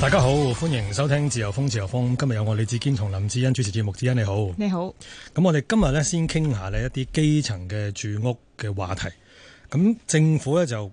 大家好，歡迎收聽自由風自由風。今日有我李志堅同林志恩主持節目。志恩你好，你好。咁好我哋今日咧先傾下呢一啲基層嘅住屋嘅話題。咁政府咧就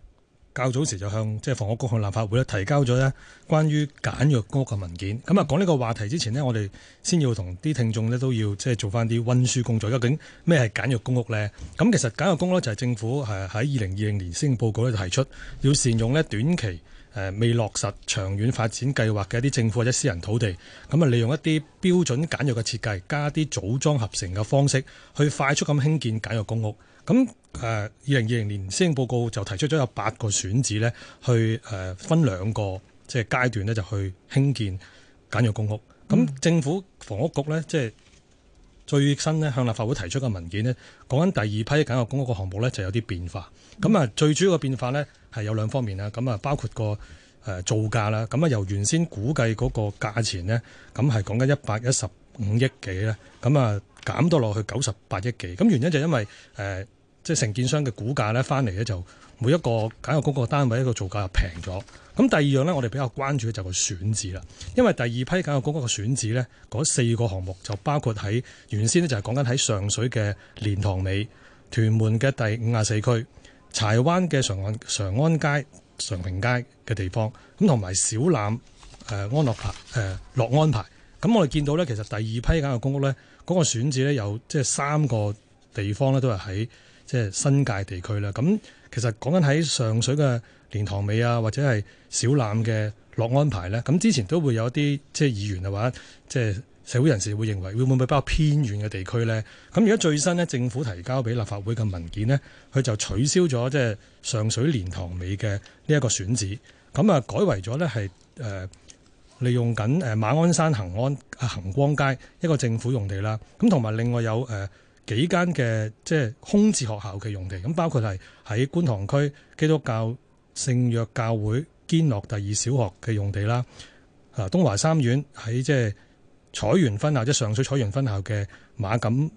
較早時就向即係房屋局向立法會咧提交咗呢關於簡約公屋嘅文件。咁啊講呢個話題之前呢，我哋先要同啲聽眾呢都要即係做翻啲溫書工作。究竟咩係簡約公屋呢？咁其實簡約公屋就係政府係喺二零二零年施政報告咧提出要善用呢短期。誒未落實長遠發展計劃嘅一啲政府或者私人土地，咁啊利用一啲標準簡約嘅設計，加啲組裝合成嘅方式，去快速咁興建簡約公屋。咁誒二零二零年施政報告就提出咗有八個選址咧，去誒分兩個即係階段咧，就去興建簡約公屋。咁政府房屋局咧，即係最新咧向立法會提出嘅文件呢講緊第二批簡約公屋嘅項目咧，就有啲變化。咁啊，最主要嘅變化咧，係有兩方面啦，咁啊包括個誒造價啦，咁啊由原先估計嗰個價錢咧，咁係講緊一百一十五億幾咧，咁啊減到落去九十八億幾，咁原因就因為誒、呃、即係承建商嘅估價咧翻嚟咧就每一個簡約公屋單位一個造價平咗，咁第二樣呢，我哋比較關注嘅就個選址啦，因為第二批簡約公屋選址呢，嗰四個項目就包括喺原先呢，就係講緊喺上水嘅蓮塘尾、屯門嘅第五十四區。柴灣嘅常安、常安街、常平街嘅地方，咁同埋小欖誒、呃、安樂排、誒、呃、樂安排。咁我哋見到咧，其實第二批簡約公屋咧，嗰、嗰個選址咧有即係三個地方咧，都係喺即係新界地區啦。咁其實講緊喺上水嘅蓮塘尾啊，或者係小欖嘅樂安排咧，咁之前都會有一啲即係議員啊，或者即係。社會人士會認為會唔會比較偏遠嘅地區呢？咁而家最新咧，政府提交俾立法會嘅文件呢，佢就取消咗即係上水蓮塘尾嘅呢一個選址，咁啊，改為咗呢係誒利用緊誒馬鞍山恒安恆光街一個政府用地啦。咁同埋另外有誒幾間嘅即係空置學校嘅用地，咁包括係喺觀塘區基督教聖約教會堅樂第二小學嘅用地啦。啊，東華三院喺即係。彩園分校即上水彩園分校嘅馬錦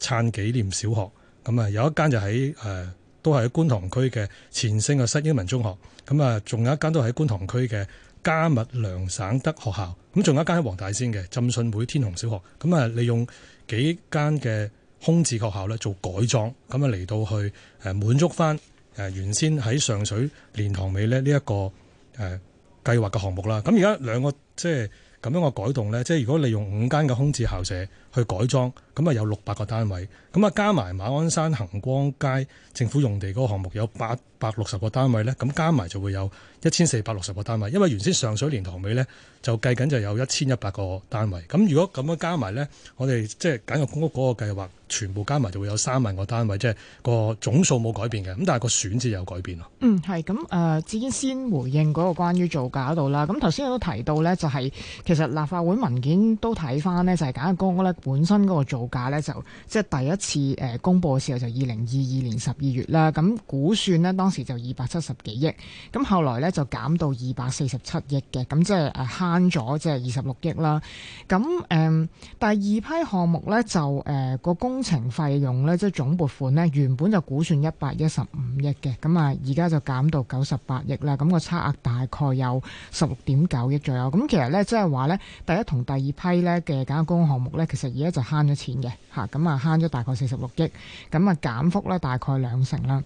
燦紀念小學，咁啊有一間就喺誒、呃，都係喺觀塘區嘅前星嘅失英文中學，咁啊仲有一間都係喺觀塘區嘅迦密梁省德學校，咁仲有一間喺黃大仙嘅浸信會天虹小學，咁啊利用幾間嘅空置學校咧做改裝，咁啊嚟到去誒滿足翻誒原先喺上水蓮塘尾咧呢一個誒、呃、計劃嘅項目啦。咁而家兩個即係。咁樣個改動咧，即係如果你用五間嘅空置校舍。去改裝，咁啊有六百個單位，咁啊加埋馬鞍山恒光街政府用地嗰個項目有八百六十個單位呢，咁加埋就會有一千四百六十個單位。因為原先上水蓮塘尾呢，就計緊就有一千一百個單位，咁如果咁樣加埋呢，我哋即係簡約公屋嗰個計劃全部加埋就會有三萬個單位，即係個總數冇改變嘅，咁但係個選址有改變咯。變，嗯，係咁誒，首先先回應嗰個關於造價嗰度啦。咁頭先我都提到呢，就係其實立法會文件都睇翻呢，就係簡約公屋呢本身嗰個造價咧就即係第一次誒、呃、公布嘅時候就二零二二年十二月啦，咁估算咧當時就二百七十幾億，咁後來咧就減到二百四十七億嘅，咁即係誒慳咗即係二十六億啦。咁誒、嗯、第二批項目咧就誒個、呃、工程費用咧即係總撥款咧原本就估算一百一十五億嘅，咁啊而家就減到九十八億啦，咁、個差額大概有十六點九億左右。咁其實咧即係話咧第一同第二批咧嘅簡工項目咧其實。而家就慳咗錢嘅，嚇，咁啊慳咗大概四十六億，咁啊減幅咧大概兩成啦。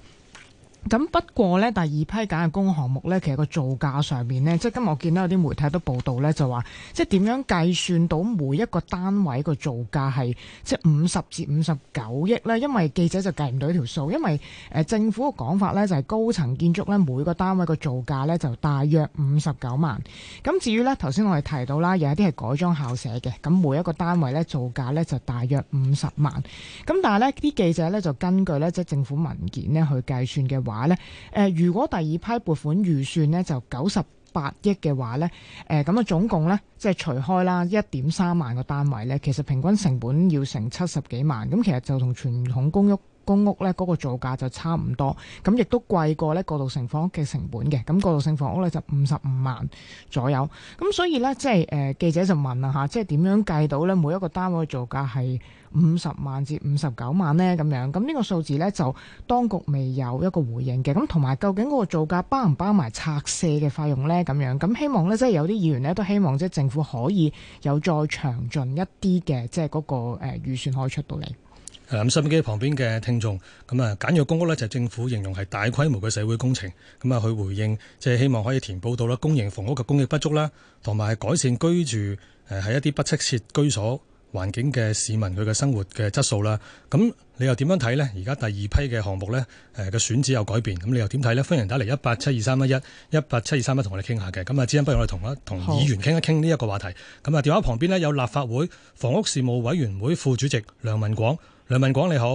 咁不過呢，第二批揀嘅公項目呢，其實個造價上面呢，即係今日我見到有啲媒體都報道呢，就話即係點樣計算到每一個單位個造價係即係五十至五十九億呢？因為記者就計唔到條數，因為、呃、政府嘅講法呢，就係、是、高層建築呢，每個單位個造價呢就大約五十九萬。咁至於呢，頭先我哋提到啦，有一啲係改裝校舍嘅，咁每一個單位呢，造價呢就大約五十萬。咁但係呢啲記者呢，就根據呢即係政府文件呢去計算嘅話，話咧，誒，如果第二批撥款預算呢，就九十八億嘅話咧，誒，咁啊總共咧，即係除開啦一點三萬個單位咧，其實平均成本要成七十幾萬，咁其實就同傳統公屋公屋咧嗰個造價就差唔多，咁亦都貴過咧過渡性房屋嘅成本嘅，咁過渡性房屋咧就五十五萬左右，咁所以咧即係誒記者就問啦嚇，即係點樣計到咧每一個單位嘅造價係？五十萬至五十九萬呢，咁樣，咁、這、呢個數字呢，就當局未有一個回應嘅。咁同埋，究竟嗰個造價包唔包埋拆卸嘅費用呢？咁樣咁希望呢，即、就、係、是、有啲議員呢，都希望即係政府可以有再詳盡一啲嘅，即係嗰個誒預算可以出到嚟。係咁、嗯，收音機旁邊嘅聽眾，咁啊簡約公屋呢，就是、政府形容係大規模嘅社會工程，咁啊佢回應即係、就是、希望可以填補到啦公營房屋嘅供應不足啦，同埋改善居住誒喺一啲不適切居所。環境嘅市民佢嘅生活嘅質素啦，咁你又點樣睇呢？而家第二批嘅項目呢，誒嘅選址有改變，咁你又點睇呢？歡迎打嚟，一八七二三一一一八七二三一同我哋傾下嘅。咁啊，之持不如我哋同一，同議員傾一傾呢一個話題。咁啊，電話旁邊呢，有立法會房屋事務委員會副主席梁文廣，梁文廣你好，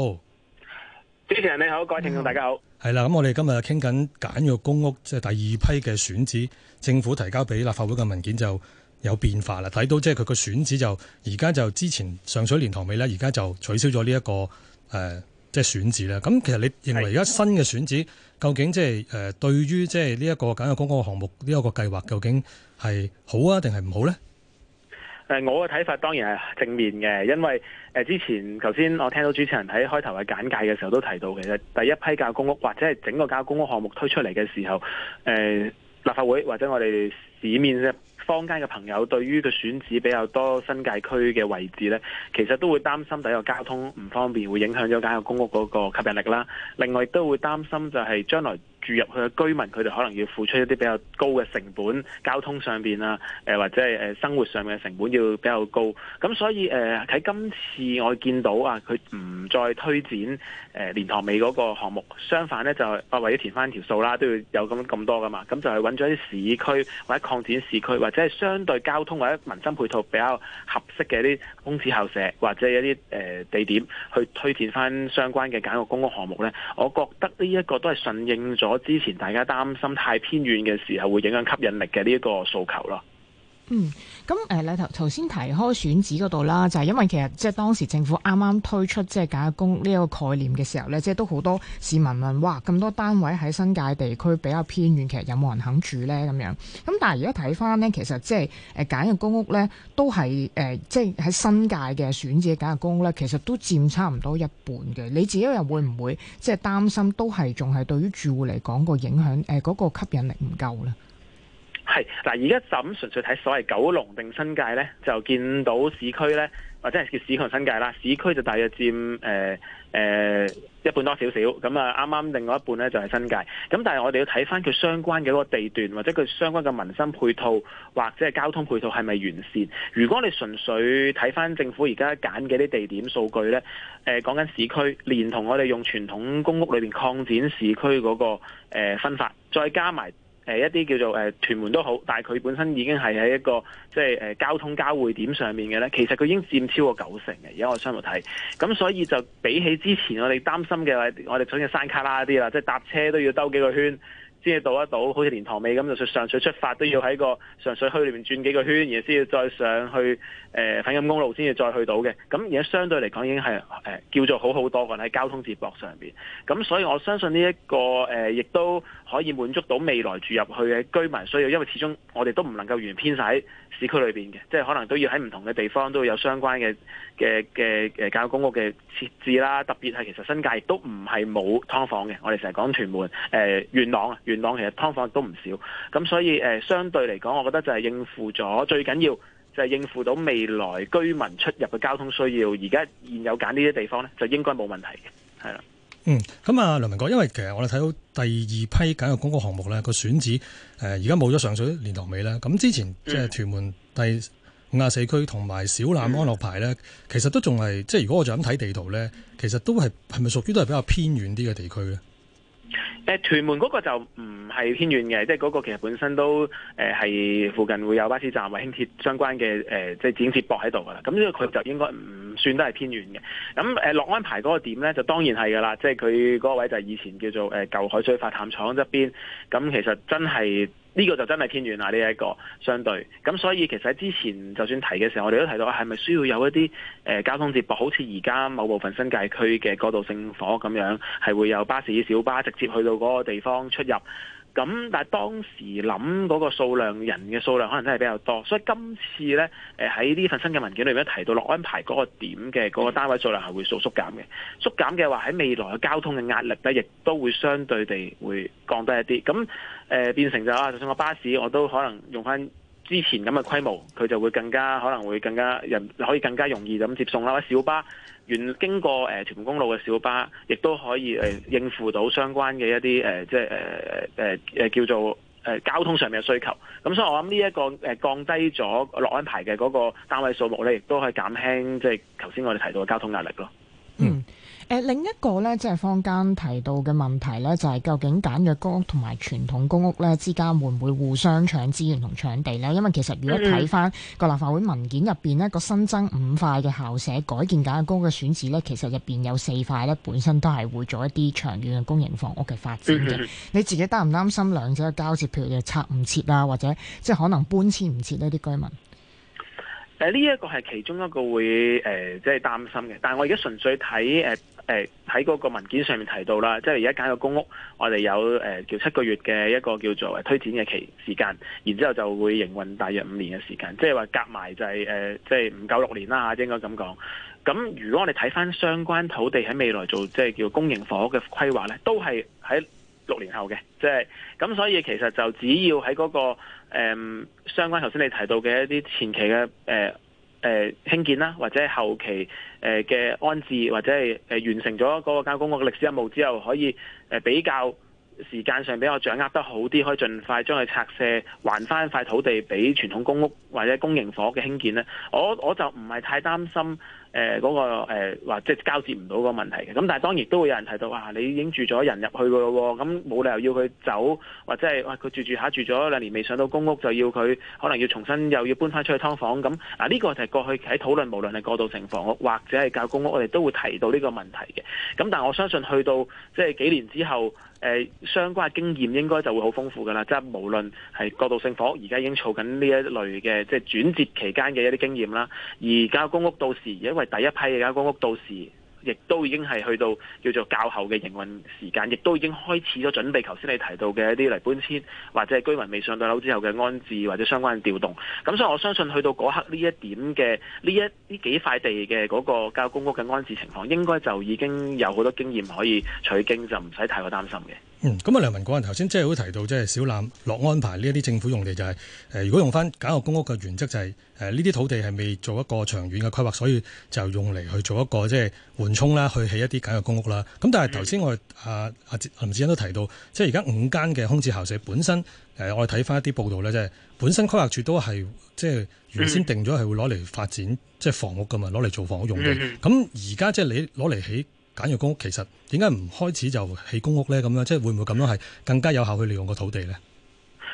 主持人你好，各位聽眾大家好。係啦、嗯，咁我哋今日傾緊簡約公屋即係、就是、第二批嘅選址，政府提交俾立法會嘅文件就。有變化啦，睇到即係佢個選址就而家就之前上水蓮塘尾呢，而家就取消咗呢一個、呃、即係選址啦，咁其實你認為而家新嘅選址的究竟即係誒對於即係呢一個簡約公屋項目呢一個計劃，究竟係好啊定係唔好呢？呃、我嘅睇法當然係正面嘅，因為、呃、之前頭先我聽到主持人喺開頭嘅簡介嘅時候都提到嘅，其實第一批簡約公屋或者係整個簡約公屋項目推出嚟嘅時候、呃，立法會或者我哋市面坊間嘅朋友對於個選址比較多新界區嘅位置呢，其實都會擔心第一個交通唔方便，會影響咗簡約公屋嗰個吸引力啦。另外亦都會擔心就係將來，住入去嘅居民，佢哋可能要付出一啲比較高嘅成本，交通上邊啊，誒、呃、或者係誒生活上面嘅成本要比較高。咁所以誒喺、呃、今次我見到啊，佢唔再推展誒蓮、呃、塘尾嗰個項目，相反咧就啊為咗填翻條數啦，都要有咁咁多噶嘛。咁就係揾咗啲市區或者擴展市區或者係相對交通或者民生配套比較合適嘅一啲空置校舍或者一啲誒、呃、地點去推展翻相關嘅簡約公屋項目咧。我覺得呢一個都係順應咗。我之前大家擔心太偏遠嘅時候會影響吸引力嘅呢一個訴求咯。嗯，咁誒，你頭頭先提開選址嗰度啦，就係因為其實即係當時政府啱啱推出即係簡約公屋呢一個概念嘅時候咧，即係都好多市民問，哇，咁多單位喺新界地區比較偏遠，其實有冇人肯住咧咁樣？咁但係而家睇翻咧，其實即係誒簡約公屋咧，都係誒即係喺新界嘅選址簡約公屋咧，其實都佔差唔多一半嘅。你自己又會唔會即係擔心都係仲係對於住戶嚟講個影響誒嗰個吸引力唔夠咧？係嗱，而家就咁純粹睇所謂九龍定新界呢，就見到市區呢，或者係叫市區同新界啦。市區就大約佔誒誒、呃呃、一半多少少，咁啊啱啱另外一半呢，就係新界。咁但係我哋要睇翻佢相關嘅嗰個地段，或者佢相關嘅民生配套或者係交通配套係咪完善？如果我哋純粹睇翻政府而家揀嘅啲地點數據呢，誒、呃、講緊市區，連同我哋用傳統公屋裏面擴展市區嗰、那個、呃、分法，再加埋。係、呃、一啲叫做誒、呃、屯門都好，但佢本身已經係喺一個即係誒、呃、交通交匯點上面嘅咧，其實佢已經佔超過九成嘅，而家我相目睇，咁所以就比起之前我哋擔心嘅，我哋講嘅山卡拉啲啦，即係搭車都要兜幾個圈先至到得到，好似蓮塘尾咁，就上水出發都要喺個上水區裏面轉幾個圈，然後先要再上去。誒、呃、粉錦公路先至再去到嘅，咁而家相對嚟講已經係、呃、叫做好好多嘅喺交通接駁上邊。咁所以我相信呢、這、一個誒亦、呃、都可以滿足到未來住入去嘅居民需要，因為始終我哋都唔能夠完全偏晒喺市區裏邊嘅，即、就、係、是、可能都要喺唔同嘅地方都會有相關嘅嘅嘅嘅簡約公屋嘅設置啦，特別係其實新界亦都唔係冇劏房嘅，我哋成日講屯門、誒、呃、元朗啊，元朗其實劏房都唔少，咁所以誒、呃、相對嚟講，我覺得就係應付咗最緊要。就係應付到未來居民出入嘅交通需要，而家現有揀呢啲地方呢，就應該冇問題嘅，係啦。嗯，咁啊梁文廣，因為其實我哋睇到第二批簡約公屋項，項目呢，個選址誒而家冇咗上水蓮塘尾咧，咁之前即係、嗯、屯門第五啊四區同埋小欖樂安排呢、嗯，其實都仲係即係如果我哋咁睇地圖呢，其實都係係咪屬於都係比較偏遠啲嘅地區呢？屯門嗰個就唔係偏遠嘅，即係嗰個其實本身都誒係附近會有巴士站或輕鐵相關嘅誒，即係接駁喺度㗎啦。咁呢個佢就應該唔算得係偏遠嘅。咁誒樂安排嗰個點呢，就當然係㗎啦，即係佢嗰位就係以前叫做誒舊海水化淡廠側邊。咁其實真係。呢個就真係偏遠啦，呢、這、一個相對咁，所以其實之前就算提嘅時候，我哋都提到係咪需要有一啲、呃、交通接駁，好似而家某部分新界區嘅過渡性房屋咁樣，係會有巴士、小巴直接去到嗰個地方出入。咁，但係當時諗嗰個數量人嘅數量，可能真係比較多，所以今次呢，喺呢份新嘅文件裏面提到落安排嗰個點嘅嗰個單位數量係會數縮減嘅，縮減嘅話喺未來嘅交通嘅壓力呢亦都會相對地會降低一啲。咁誒、呃、變成就啊，就算個巴士我都可能用翻之前咁嘅規模，佢就會更加可能會更加人可以更加容易咁接送啦，或者小巴。原經過誒屯門、呃、公路嘅小巴，亦都可以誒、呃、應付到相關嘅一啲誒，即係誒誒誒叫做誒、呃、交通上面嘅需求。咁所以我、這個，我諗呢一個誒降低咗落安排嘅嗰個單位數目咧，亦都可以減輕即係頭先我哋提到嘅交通壓力咯。呃、另一個咧，即係坊間提到嘅問題咧，就係、是、究竟簡約公屋同埋傳統公屋咧之間會唔會互相搶資源同搶地咧？因為其實如果睇翻個立法會文件入面，呢、個新增五塊嘅校舍改建簡約公屋嘅選址咧，其實入面有四塊咧本身都係會做一啲長遠嘅公營房屋嘅發展嘅。 你自己擔唔擔心兩者嘅交接，譬如拆唔切啊，或者即係可能搬遷唔切呢啲居民？誒呢一個係其中一個會誒，即係擔心嘅。但係我而家純粹睇誒誒喺嗰個文件上面提到啦，即係而家揀個公屋，我哋有誒、呃、叫七個月嘅一個叫做推展嘅期時間，然之後就會營運大約五年嘅時間，即係話夾埋就係、係、誒，即係唔夠六年啦，應該咁講。咁如果我哋睇翻相關土地喺未來做即係叫公營房屋嘅規劃咧，都係喺六年後嘅，即係咁，咁所以其實就只要喺嗰、嗰個。誒、嗯、相關頭先你提到嘅一啲前期嘅誒誒興建啦，或者後期誒嘅安置或者係誒完成咗嗰個舊公屋嘅歷史任務之後，可以誒比較時間上比較掌握得好啲，可以盡快將佢拆卸，還翻塊土地俾傳統公屋或者公營房屋嘅興建呢。我我就唔係太擔心。誒嗰、呃嗰個誒話、呃、即係交接唔到個問題嘅，咁但係當然都會有人提到啊，你已經住咗人入去噶咯，咁冇理由要佢走，或者係哇佢住住下住咗兩年未上到公屋就要佢可能要重新又要搬翻出去劏房咁。嗱，呢個就係過去喺討論無論係過渡性房屋或者係教公屋，我哋都會提到呢個問題嘅，咁但我相信去到即係幾年之後。誒、呃、相關嘅經驗應該就會好豐富㗎啦，即係無論係過渡性房屋而家已經儲緊呢一類嘅，即、就、係、是、轉折期間嘅一啲經驗啦，而簡約公屋到時，因為第一批嘅簡約公屋到時，亦都已經係去到叫做較後嘅營運時間，亦都已經開始咗準備。頭先你提到嘅一啲嚟搬遷，或者係居民未上到樓之後嘅安置或者相關嘅調動。咁所以我相信去到嗰刻呢一點嘅呢一呢幾塊地嘅嗰個交公屋嘅安置情況，應該就已經有好多經驗可以取經，就唔使太過擔心嘅。嗯，咁啊，梁文廣人頭先即係都提到，即係小欖落安排呢一啲政府用地、就是，就、呃、係如果用翻簡約公屋嘅原則、就是，就係呢啲土地係未做一個長遠嘅規劃，所以就用嚟去做一個即係緩衝啦，去起一啲簡約公屋啦。咁、嗯、但係頭先我阿阿、啊啊、林志欣都提到，即係而家五間嘅空置校舍本身誒、呃，我哋睇翻一啲報道咧，即、就、係、是、本身規劃處都係即係原先定咗係會攞嚟發展即係房屋噶嘛，攞嚟做房屋用地。咁而家即係你攞嚟起。簡約公屋其實點解唔開始就起公屋呢？咁樣即係會唔會咁樣係更加有效去利用個土地呢？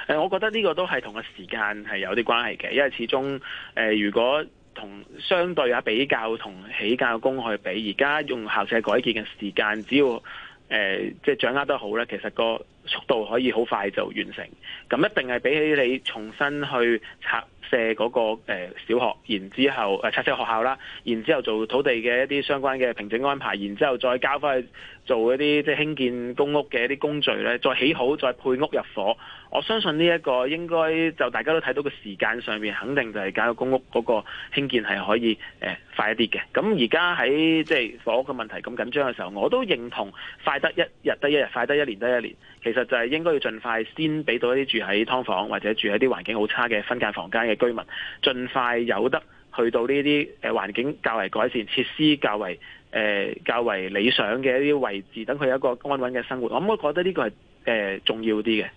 誒，我覺得呢個都係同個時間係有啲關係嘅，因為始終誒、呃，如果同相對啊比較同起公屋去比，而家用校舍改建嘅時間，只要誒、呃、即係掌握得好咧，其實個速度可以好快就完成。咁一定係比起你重新去拆卸嗰個誒小學，然之後誒拆卸學校啦，然之後做土地嘅一啲相關嘅平整安排，然之後再交翻去做一啲即係興建公屋嘅一啲工序咧，再起好再配屋入伙。我相信呢一個應該就大家都睇到個時間上面，肯定就係搞到公屋嗰個興建係可以誒、呃、快一啲嘅。咁而家喺即係房屋嘅問題咁緊張嘅時候，我都認同快得一日得一日，快得一年得一年。其實就係應該要盡快先俾到一啲住喺劏房或者住喺啲環境好差嘅分間房間嘅居民盡快有得去到呢啲誒環境較為改善、設施較為誒、呃、較為理想嘅一啲位置，等佢有一個安穩嘅生活，我唔會覺得呢個係誒、呃、重要啲嘅。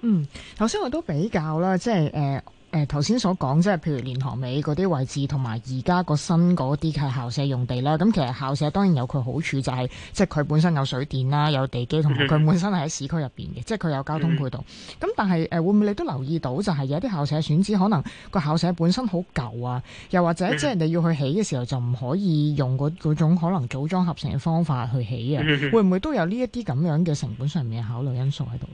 嗯，頭先我都比較啦，即係。誒、呃。誒頭先所講即係譬如蓮塘尾嗰啲位置，同埋而家個新嗰啲嘅校舍用地啦，咁其實校舍當然有佢好處，就係，就係即係佢本身有水電啦，有地基，同埋佢本身係喺市區入面嘅， 即係佢有交通配套。咁 但係誒、呃、會唔會你都留意到，就係有啲校舍選址可能個校舍本身好舊啊，又或者即係你要去起嘅時候就唔可以用嗰種可能組裝合成嘅方法去起啊？ 會唔會都有呢一啲咁樣嘅成本上面嘅考慮因素喺度？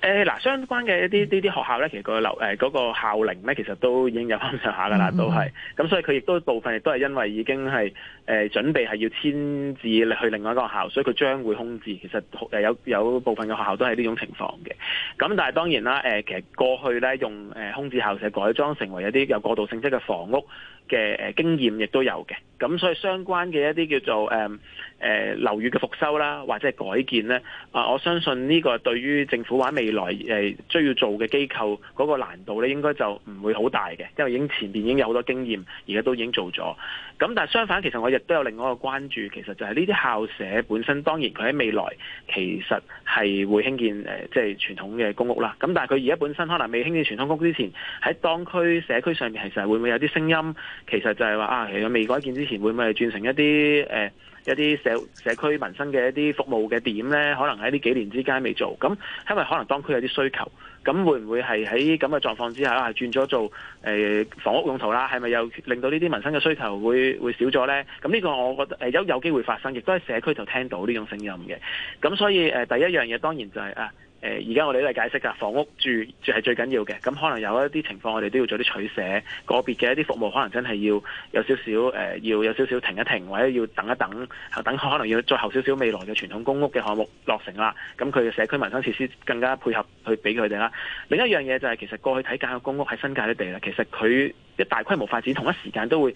誒，嗱、呃，相關嘅一啲呢啲學校咧，其實個留誒個校齡咧，其實都已經有翻上下噶啦，都係咁，所以佢亦都部分亦都係因為已經係誒、呃、準備係要遷至去另外一個學校，所以佢將會空置。其實誒有有部分嘅學校都係呢種情況嘅。咁但係當然啦，誒、呃、其實過去咧用誒空置校舍改裝成為一啲有過渡性質嘅房屋。嘅誒經驗亦都有嘅，咁所以相關嘅一啲叫做誒誒樓宇嘅復修啦，或者係改建咧，啊我相信呢個對於政府話未來誒需要做嘅機構嗰個難度咧，應該就唔會好大嘅，因為已經前面已經有好多經驗，而家都已經做咗。咁但係相反，其實我亦都有另外一個關注，其實就係呢啲校舍本身，當然佢喺未來其實係會興建、呃、即係傳統嘅公屋啦。咁但係佢而家本身可能未興建傳統公屋之前，喺當區社區上面，其實係會唔會有啲聲音？其實就係話啊，其實未改建之前會唔會轉成一啲誒、呃、一啲社社區民生嘅一啲服務嘅點呢？可能喺呢幾年之間未做咁，因為可能當區有啲需求，咁會唔會係喺咁嘅狀況之下係、啊、轉咗做誒、呃、房屋用途啦？係咪又令到呢啲民生嘅需求會會少咗呢？咁呢個我覺得有有機會發生，亦都係社區頭聽到呢種聲音嘅。咁所以誒、呃，第一樣嘢當然就係、是、啊。誒，而家、呃、我哋都係解釋噶，房屋住住係最緊要嘅，咁可能有一啲情況，我哋都要做啲取捨，個別嘅一啲服務可能真係要有少少誒、呃，要有少少停一停，或者要等一等，等可能要再後少少未來嘅傳統公屋嘅項目落成啦，咁佢嘅社區民生設施更加配合去俾佢哋啦。另一樣嘢就係、是、其實過去睇間嘅公屋喺新界啲地啦，其實佢一大規模發展同一時間都會。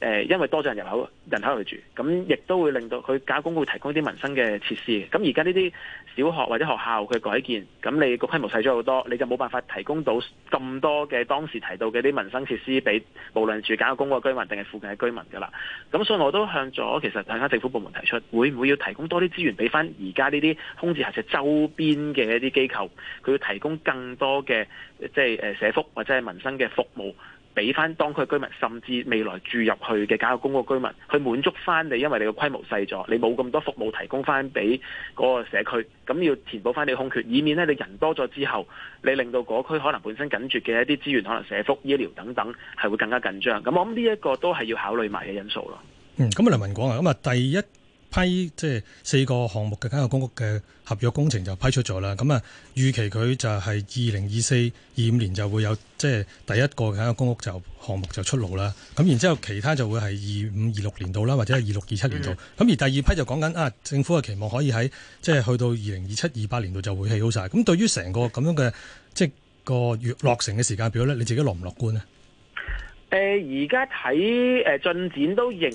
誒，因為多咗人入口，人口去住，咁亦都會令到佢教工會提供啲民生嘅設施。咁而家呢啲小學或者學校佢改建，咁你個規模細咗好多，你就冇辦法提供到咁多嘅當時提到嘅啲民生設施俾無論住教工嘅居民定係附近嘅居民㗎啦。咁所以我都向咗其實其他政府部門提出，會唔會要提供多啲資源俾翻而家呢啲空置校舍周邊嘅一啲機構，佢要提供更多嘅即係誒社福或者係民生嘅服務。俾翻當區的居民，甚至未來住入去嘅簡約公屋居民，去滿足翻你，因為你個規模細咗，你冇咁多服務提供翻俾嗰個社區，咁要填補翻你嘅空缺，以免咧你人多咗之後，你令到嗰區可能本身緊住嘅一啲資源，可能社福、醫療等等，係會更加緊張。咁我諗呢一個都係要考慮埋嘅因素咯、嗯。嗯，咁阿梁文廣啊，咁、嗯、啊第一。批即係四個項目嘅簡約公屋嘅合約工程就批出咗啦，咁啊預期佢就係二零二四二五年就會有即係第一個簡約公屋就項目就出爐啦，咁然之後其他就會係二五二六年度啦，或者係二六二七年度，咁、嗯、而第二批就講緊啊政府嘅期望可以喺即係去到二零二七二八年度就會起好晒，咁對於成個咁樣嘅即係個月落成嘅時間表咧，你自己樂唔樂觀呢？誒，而家睇誒進展都仍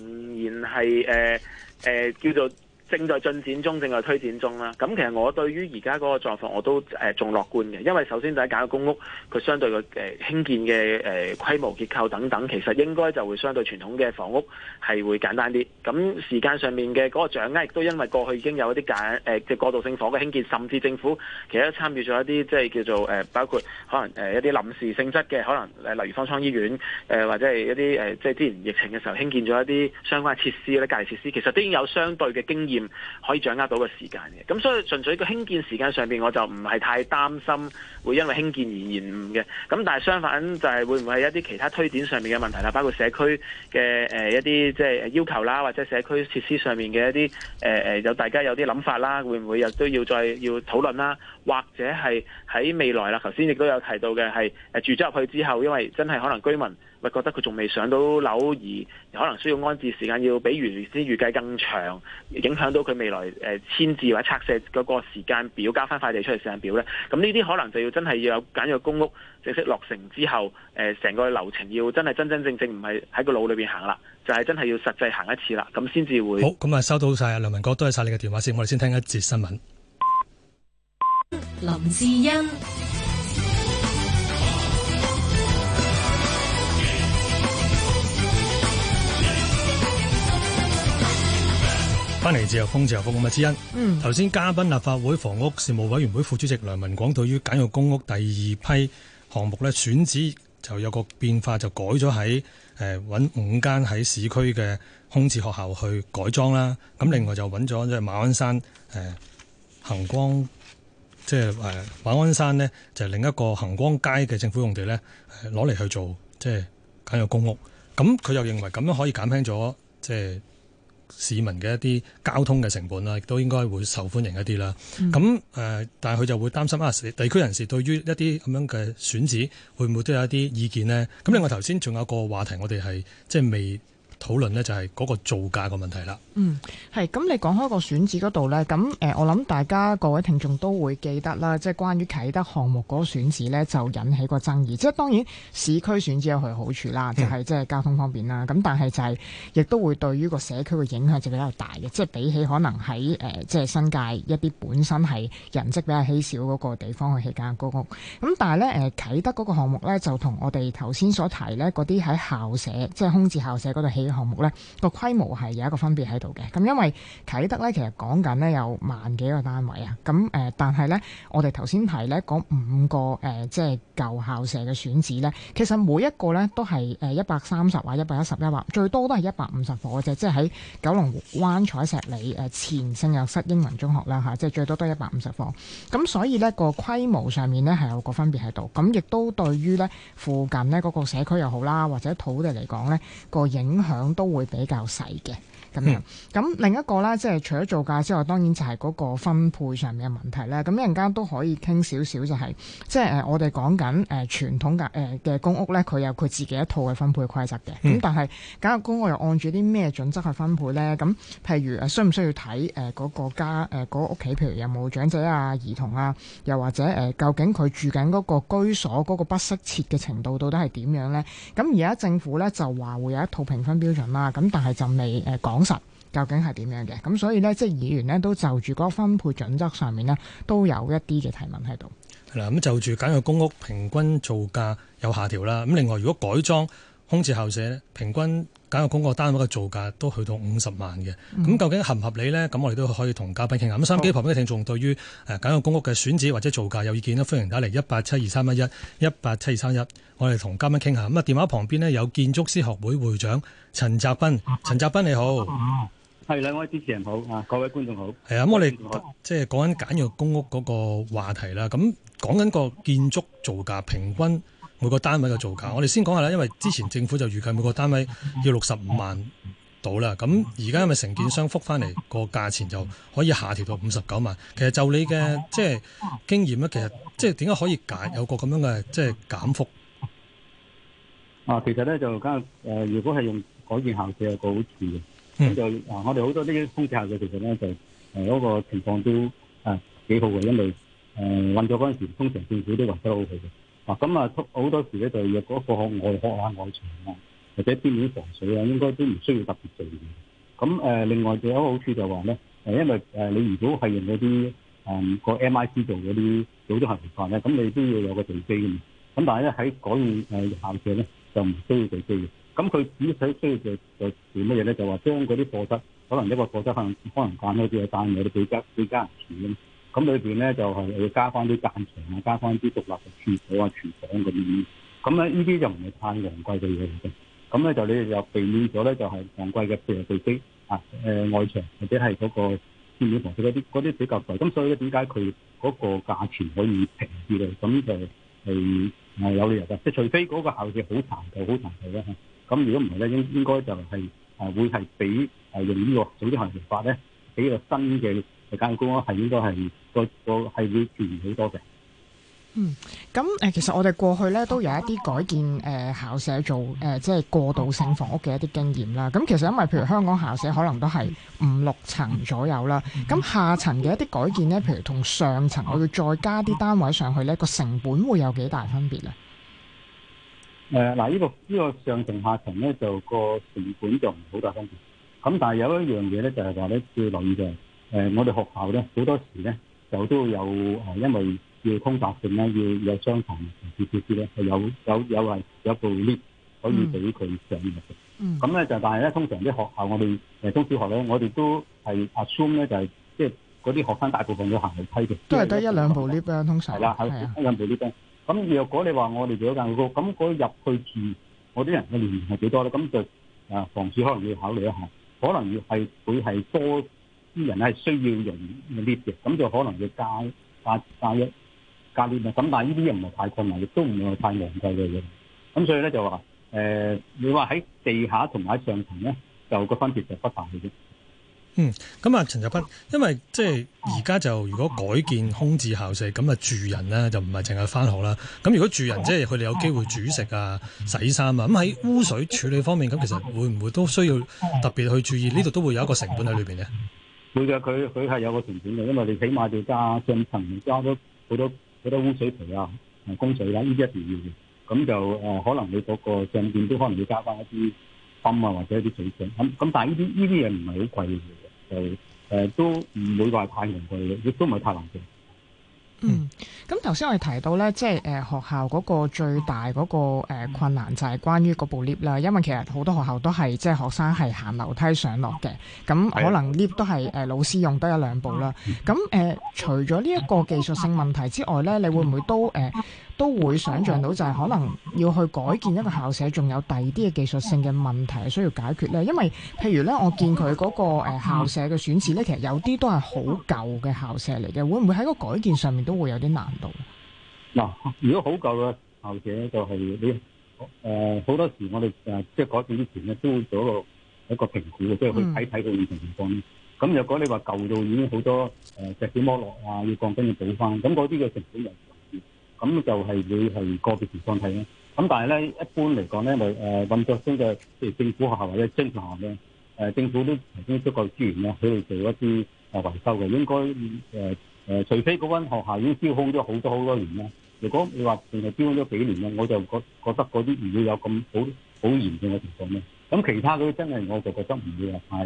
然係誒。呃誒，叫做。正在進展中，正在推展中啦。咁其實我對於而家嗰個狀況，我都誒仲樂觀嘅，因為首先第一簡約公屋，佢相對嘅誒興建嘅誒規模結構等等，其實應該就會相對傳統嘅房屋係會簡單啲。咁時間上面嘅嗰個掌握，亦都因為過去已經有一啲簡誒嘅過渡性房屋嘅興建，甚至政府其實都參與咗一啲即係叫做誒，包括可能誒一啲臨時性質嘅可能誒，例如方艙醫院誒，或者係一啲誒即係之前疫情嘅時候興建咗一啲相關嘅設施咧、隔離設施，其實都已經有相對嘅經驗。可以掌握到個時間嘅，咁所以純粹個興建時間上邊，我就唔係太擔心會因為興建而延誤嘅。咁但係相反就係會唔會有一啲其他推展上面嘅問題啦，包括社區嘅誒一啲即係要求啦，或者社區設施上面嘅一啲誒誒有大家有啲諗法啦，會唔會亦都要再要討論啦？或者係喺未來啦，頭先亦都有提到嘅係誒住咗入去之後，因為真係可能居民。咪覺得佢仲未上到樓，而可能需要安置時間，要比原先預計更長，影響到佢未來誒遷置或者拆卸個時間表，交返塊地出嚟時間表咧。咁呢啲可能就要真係要有簡約公屋正式落成之後，誒、呃、成個流程要真係真真正正唔係喺個腦裏邊行啦，就係、是、真係要實際行一次啦，咁先至會好。咁啊，收到晒啊，梁文廣，多謝晒你嘅電話先，我哋先聽一節新聞。林志恩。翻嚟《自由風》，自由風咁啊！之恩，嗯，頭先嘉賓，立法會房屋事務委員會副主席梁文廣，對於簡約公屋第二批項目咧選址，就有個變化，就改咗喺誒揾五間喺市區嘅空置學校去改裝啦。咁另外就揾咗即係馬鞍山誒恆光，即係誒馬鞍山呢，就另一個恆光街嘅政府用地咧攞嚟去做即係、就是、簡約公屋。咁佢又認為咁樣可以減輕咗即係。就是市民嘅一啲交通嘅成本啦，亦都應該會受歡迎一啲啦。咁誒、嗯，但係佢就會擔心啊，地區人士對於一啲咁樣嘅選址，會唔會都有一啲意見咧？咁另外頭先仲有個話題，我哋係即係未。討論呢就係嗰個造價個問題啦。嗯，係。咁你講開個選址嗰度呢，咁誒我諗大家各位聽眾都會記得啦，即係關於啟德項目嗰個選址呢，就引起個爭議。即係當然市區選址有佢好處啦，就係即係交通方便啦。咁，嗯，但係就係亦都會對於個社區嘅影響就比較大嘅。即係比起可能喺誒即係新界一啲本身係人跡比較稀少嗰個地方去起簡約公屋。咁但係呢，誒啟德嗰個項目呢，就同我哋頭先所提呢嗰啲喺校舍即係空置校舍嗰度起，項目咧個規模係有一個分別喺度嘅，咁因為啟德咧其實講緊咧有萬幾個單位啊，咁誒、呃，但係咧我哋頭先提咧講五個誒、呃，即係舊校舍嘅選址咧，其實每一個咧都係誒一百三十或一百一十一或最多都係一百五十伙嘅啫，即係喺九龍灣彩石里誒、呃、前聖約瑟英文中學啦吓、啊，即係最多都係一百五十伙，咁所以咧個規模上面咧係有個分別喺度，咁亦都對於咧附近咧嗰個社區又好啦，或者土地嚟講咧個影響。都會比較細嘅。咁樣，咁、嗯、另一個啦，即、就、係、是、除咗造價之外，當然就係嗰個分配上面嘅問題咧。咁一陣間都可以傾少少，就係即係我哋講緊誒傳統嘅嘅、呃、公屋咧，佢有佢自己一套嘅分配規則嘅。咁、嗯、但係簡約公屋又按住啲咩準則去分配咧？咁譬如、呃、需唔需要睇嗰個家誒嗰屋企，譬如有冇長者啊、兒童啊，又或者、呃、究竟佢住緊嗰個居所嗰、嗰個不適切嘅程度到底係點樣咧？咁而家政府咧就話會有一套評分標準啦。咁但係就未誒講。呃講實，究竟係點樣嘅？咁所以呢，即係議員呢都就住嗰個分配準則上面呢，都有一啲嘅提問喺度。係啦，咁就住簡約公屋平均造價有下調啦。咁另外，如果改裝。空置校舍咧，平均簡約公屋單位嘅造價都去到五十萬嘅。咁、嗯、究竟合唔合理呢？咁我哋都可以同嘉賓傾下。咁、嗯、收音機旁邊嘅聽眾對於誒簡約公屋嘅選址或者造價有意見咧，歡迎打嚟一八七二三一一八七二三一，1, 1, 我哋同嘉賓傾下。咁啊電話旁邊呢，有建築師學會會長陳澤斌，啊、陳澤斌你好，係啦，兩位係主持人好、啊，各位觀眾好，係啊、欸。咁我哋即係講緊簡約公屋嗰個話題啦。咁講緊個建築造價平均。每個單位嘅造價，我哋先講下啦，因為之前政府就預計每個單位要六十五萬度啦，咁而家因為承建商覆返嚟，個價錢就可以下調到五十九萬。其實就你嘅即係經驗咧，其實即係點解可以解，有個咁樣嘅即係減幅？啊，其實咧就咁誒、呃，如果係用改建校舍，係、那個好處嘅。就啊、嗯，我哋好多呢啲空置嘅，其實咧就誒嗰、呃那個情況都啊幾、呃、好嘅，因為誒運作嗰陣時，通常政府都運得好好嘅。咁啊，好多時咧就要嗰個外殼啊、外牆啊，或者邊面防水啊，應該都唔需要特別做嘅。咁、呃、另外仲有一個好處就係話咧，因為、呃、你如果係用嗰啲、嗯那個 M I C 做嗰啲組裝型材咧，咁你都要有個地基嘛。咁但係咧喺改用校舍咧，就唔需要地基嘅。咁佢只使需要就就係咩嘢咧？就話將嗰啲課室，可能一個課室可能可能慣咗啲，但係我哋俾加俾加錢嘅。咁裏面咧就係、是、要加翻啲間牆啊，加翻啲獨立嘅廁所啊、廚房嗰啲。咁咧呢啲就唔係太昂貴嘅嘢嚟嘅。咁咧就你哋就避免咗咧，就係昂貴嘅地地基啊、誒、呃、外牆或者係嗰、那個遮掩防水嗰啲，嗰啲比較貴。咁所以咧，點解佢嗰個價錢可以平啲咧？咁就係、是欸、有理由嘅、就是，即係除非嗰個效應好殘舊，好殘舊咧咁如果唔係咧，應應該就係、是、誒會係比、啊、用、這個、呢個總之行地法咧，俾個新嘅。間公屋咯，係應該係個個係會便宜好多嘅。嗯，咁誒，其實我哋過去咧都有一啲改建誒校舍做誒，即係過渡性房屋嘅一啲經驗啦。咁其實因為譬如香港校舍可能都係五六層左右啦，咁下層嘅一啲改建咧，譬如同上層我要再加啲單位上去咧，個成本會有幾大分別咧？誒，嗱，呢個呢個上層下層咧，就個成本就唔好大分別。咁但係有一樣嘢咧，就係話咧，要留意嘅。誒、呃，我哋學校咧好多時咧，就都有、呃、因為要通達性咧，要，要雙蜜蜜蜜蜜蜜有雙層設施咧，係有有有係有部 lift 可以俾佢上入嘅。嗯，咁咧就但係咧，通常啲學校我哋誒中小學咧，我哋都係 assume 咧，就係、是、即係嗰啲學生大部分都行樓梯嘅，都係得一兩部 lift 嘅，通常係啦，係一兩部 lift。咁如果你話我哋做緊嗰個，咁嗰入去住我啲人嘅年齡係幾多咧？咁就誒，房市可能要考慮一下，可能要係會係多。啲人係需要用 lift 嘅，咁就可能要加加加一加 lift 啊。咁但係呢啲又唔係太困難，亦都唔係太昂貴嘅嘢。咁所以咧就話誒、呃，你話喺地下同埋喺上層咧，就個分別就不大嘅、嗯。嗯，咁、嗯、啊、呃，陳澤斌，因為即係而家就如果改建空置校舍，咁啊住人咧就唔係淨係返學啦。咁如果住人即係佢哋有機會煮食啊、洗衫啊，咁喺污水處理方面，咁其實會唔會都需要特別去注意？呢度都會有一個成本喺裏邊咧。佢佢佢係有個成本嘅，因為你起碼要加上層，加咗好多好多污水渠啊、供水啦、啊，呢啲一定要嘅。咁就、呃、可能你嗰個上邊都可能要加翻一啲泵啊，或者一啲水泵。咁咁，但係呢啲呢啲嘢唔係好貴嘅，就誒都唔會話太昂貴嘅，亦都唔係太難做。嗯。咁頭先我哋提到咧，即係誒學校嗰個最大嗰個誒困難就係關於嗰部 lift 啦，因為其實好多學校都係即係學生係行樓梯上落嘅，咁可能 lift 都係誒老師用得一兩步啦。咁誒除咗呢一個技術性問題之外咧，你會唔會都誒都會想象到就係可能要去改建一個校舍，仲有第二啲嘅技術性嘅問題需要解決咧？因為譬如咧，我見佢嗰個誒校舍嘅選址咧，其實有啲都係好舊嘅校舍嚟嘅，會唔會喺個改建上面都會有啲難？嗱，如果好舊嘅校舍就係你誒，好多時我哋誒即係改善之前咧，都會做一個一個評估嘅，即係去睇睇個現成情況咧。咁如果你話舊到已經好多誒石屎剝落啊，要鋼筋要補翻，咁嗰啲嘅成本又貴，咁就係會係個別情況睇咯。咁但係咧，一般嚟講咧，我誒運作中嘅即係政府學校或者正常學校咧，誒政府都曾經出過資源咧，佢哋做一啲誒維修嘅，應該誒。誒，除非嗰間學校已經丟空咗好多好多年咧，如果你話淨係丟空咗幾年咧，我就覺覺得嗰啲唔會有咁好好嚴重嘅情況咧。咁其他嗰啲真係我就覺得唔會話太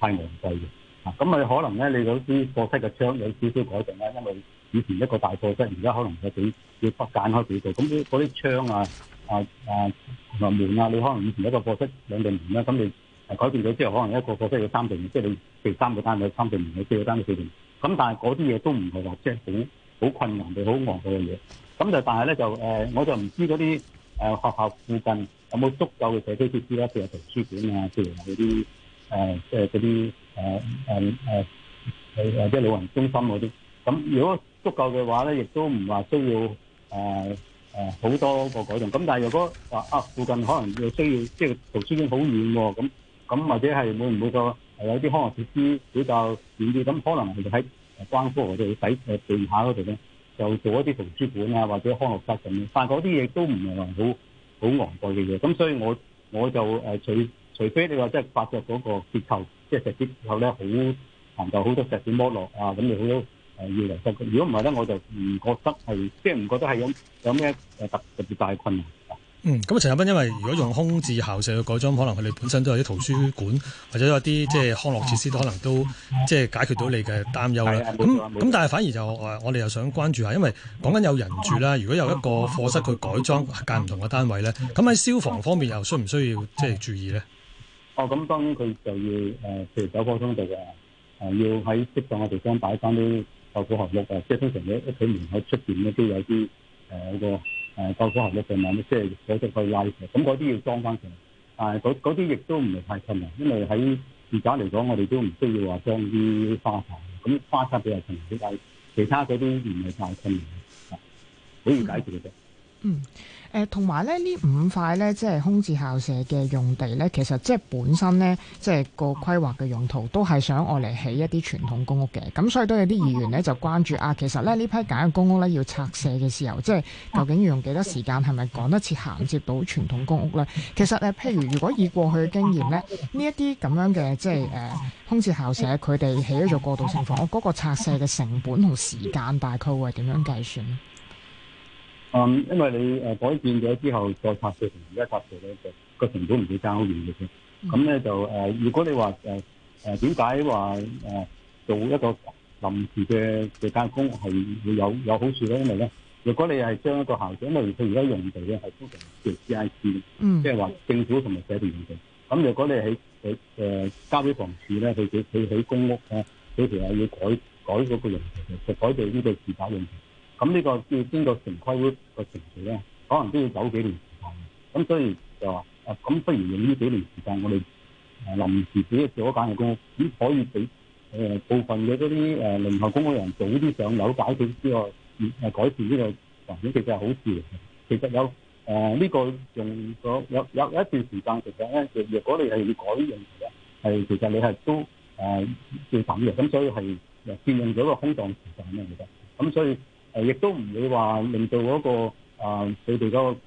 太無謂嘅。啊，咁咪可能咧，你嗰啲課室嘅窗有少少改善咧，因為以前一個大課室，而家可能要幾要分間開幾個，咁啲嗰啲窗啊啊啊同埋門啊，你可能以前一個課室兩定門咧，咁你改變咗之後，可能一個課室有三定，即係你四三個單位三定門，你四個單位四定。四個單咁但係嗰啲嘢都唔係話即係好好困難嘅好昂貴嘅嘢，咁就但係咧就誒，我就唔知嗰啲誒學校附近有冇足夠嘅社區設施啦，譬如圖書館啊，譬如嗰啲誒誒嗰啲誒誒誒誒即係老人中心嗰啲。咁如果足夠嘅話咧，亦都唔話需要誒誒好多個改動。咁但係如果話啊附近可能要需要即係、就是、圖書館好遠喎，咁咁或者係會唔會夠？係有啲康樂設施比較遠啲，咁可能我哋喺關科嗰度底誒地下嗰度咧，就做一啲圖書館啊，或者康樂室咁。但係嗰啲嘢都唔係話好好昂貴嘅嘢。咁所以我我就誒除除非你話即係發作嗰個結構，即係石屎結構咧，好難就好多石屎剝落啊，咁你好多誒、呃、要維修。如果唔係咧，我就唔覺得係即係唔覺得係有有咩誒特特別大困難。嗯，咁、嗯、啊，陳澤斌，因為如果用空置校舍去改裝，可能佢哋本身都有啲圖書館，或者有啲即係康樂設施，都可能都即係解決到你嘅擔憂啦。咁咁，但係反而就我哋又想關注下，因為講緊有人住啦。如果有一個課室佢改裝間唔同嘅單位咧，咁喺消防方面又需唔需要即係注意咧？哦，咁當然佢就要誒，譬、呃、如走火通道嘅，係、呃、要喺適當嘅地方擺翻啲防火項目嘅，即係通常你一棟門口出邊咧都有啲誒嗰個誒袋鼠猴嘅上網即係有隻佢拉嘅，咁嗰啲要裝翻上，但係嗰啲亦都唔係太困難嘅，因為喺住宅嚟講，我哋都唔需要話裝啲花盆，咁花盆比較平啲，但係其他嗰啲唔係太困難嘅，好易解決嘅啫。嗯。同埋咧，呢五塊咧，即係空置校舍嘅用地咧，其實即係本身咧，即係個規劃嘅用途都係想我嚟起一啲傳統公屋嘅。咁所以都有啲議員咧就關注啊，其實咧呢批簡約公屋咧要拆卸嘅時候，即係究竟要用幾多時間，係咪趕得切銜接到傳統公屋咧？其實呢，譬如如果以過去嘅經驗咧，呢一啲咁樣嘅即係、呃、空置校舍，佢哋起咗做過渡性房屋，嗰、那個拆卸嘅成本同時間大概會係點樣計算？嗯，因為你誒改建咗之後再拆卸，同而家拆卸咧，個成本唔會爭好遠嘅啫。咁咧就誒，如果你話誒誒點解話誒做一個臨時嘅嘅間工係會有有好處咧？因為咧，如果你係將一個校長，例如佢而家用地咧，係通常叫 G I C，嗯，即係話政府同埋社團用地。咁如果你喺喺誒交畀房署咧，佢佢喺公屋咧，佢其實要改改嗰個用途嘅，就改做呢個住宅用途。咁呢個要經過城規個程序咧，可能都要走幾年時間。咁所以就話誒，咁不如用呢幾年時間，我哋誒臨時自己做一間嘅公屋，咁可以俾誒部分嘅嗰啲誒輪候公屋嘅人早啲上樓解決之外，誒改善呢個環境，其實係好事嚟嘅。其實有誒呢個用咗有有有一段時間，其實咧，若若果你係要改呢樣嘢咧，係其實你係都誒要等嘅。咁所以係佔用咗個空檔時間嚟嘅。咁所以。亦都唔會話令到嗰、那個誒，佢、呃、嗰、呃、個誒